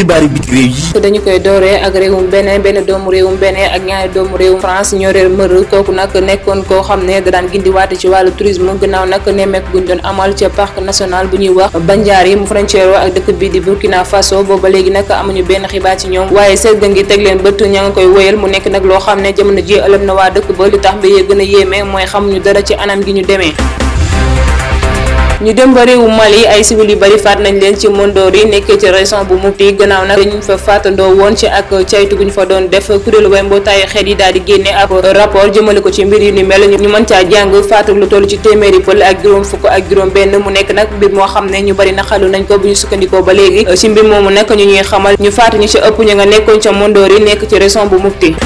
xibaari biti dañu koy dooree ak réewum Benin benn doomu réewum Benin ak ñaari doomu réewum France ñoo réer mër kooku nag nekkoon koo xam ne da daan gindiwaate ci wàllu tourisme gannaaw nag nemmeek guñ doon amal ca parc national bu ñuy wax Bandiaary mu frontière ak dëkk bii di Burkina Faso booba léegi nag amuñu benn xibaar ci ñoom waaye seetga ngi teg leen bëtt ñaa nga koy wóyal mu nekk nag loo xam ne jamono ji ëlëm na waa dëkk ba li tax bi gën a yéeme mooy xamuñu dara ci anam gi ñu demee ñu dem ba réewu yi ay civil yu bari faat nañ leen ci Mondori nekkee ci région bu Mopti gannaaw nag dañu fa faatandoo woon ci ak caytu gu ñu fa doon def kuréelu way mbootaayu xeet yi daal di génne ab rapport jëmale ko ci mbir yu ni mel ñu mën caa jàng faatu lu toll ci téeméeri pël ak juróom fukk ak juróom benn mu nekk nag mbir moo xam ne ñu bari na xalu nañ ko bu ñu sukkandikoo ba léegi ci mbir moomu nag ñu ñuy xamal ñu faatu ñu ci ëpp ñu nga nekkoon ca Mondori nekk ci région bu Mopti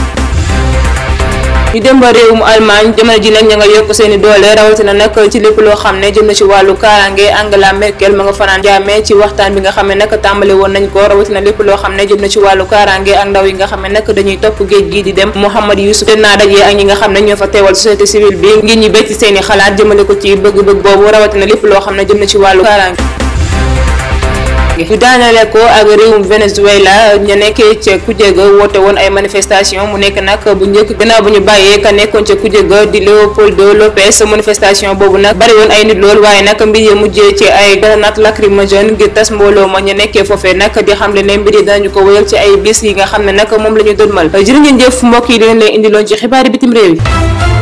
ñu dem ba réewum Allemagne jamono ji nag ña nga yokk seen i doole rawatina nag ci lépp loo xam ne jëm na ci wàllu kaarange Angela Merkel ma nga fanaan jaamee ci waxtaan nga xam ne nag tàmbali woon nañ ko rawatina lépp loo xam ne jëm na ci wàllu kaarange ak ndaw yi nga xam ne nag dañuy topp géej gi di dem Mouhamed Youssouf te naa dajee ak ñi nga xam ne ñoo fa teewal société civile bi ngir ñu béy seeni xalaat jëmale ko ci bëgg-bëgg boobu rawatina lépp loo xam ne jëm na ci wàllu kaarange gi ñu daanale ko ak réewum Venezuela ñu nekkee ca ku ga woote woon ay manifestation mu nekk nag bu njëkk gannaaw bu ñu bàyyee ka nekkoon ca ku ga di Leopoldo sa manifestation boobu nag bari woon ay nit lool waaye nag mbir yi mujjee ci ay grenade lacrymogène ngir tas mbooloo ma ñu nekkee foofee nag di xam ne ne mbir yi danañu ko wéyal ci ay bis yi nga xam ne nag moom la ñu dënmal jërë ngeen jëf mbokk yi leen leen indiloon ci xibaari bitim réew yi